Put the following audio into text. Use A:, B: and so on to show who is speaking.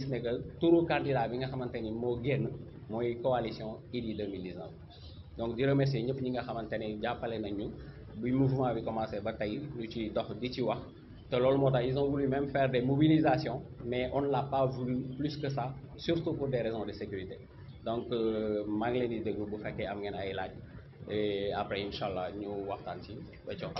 A: gis ne que turu bi nga xamante ni moo génn mooy coalition Idy 2019 donc di remercier ñëpp ñi nga xamante ni jàppale nañ ñu bi mouvement bi commencé ba tey lu ci dox di ci wax te loolu moo tax ils ont voulu même faire des mobilisations mais on ne l'a pas voulu plus que ça surtout pour des raisons de sécurité donc euh, maa ngi leen di déglu bu fekkee am ngeen ay laaj et après incha allah ñu waxtaan ci ba jox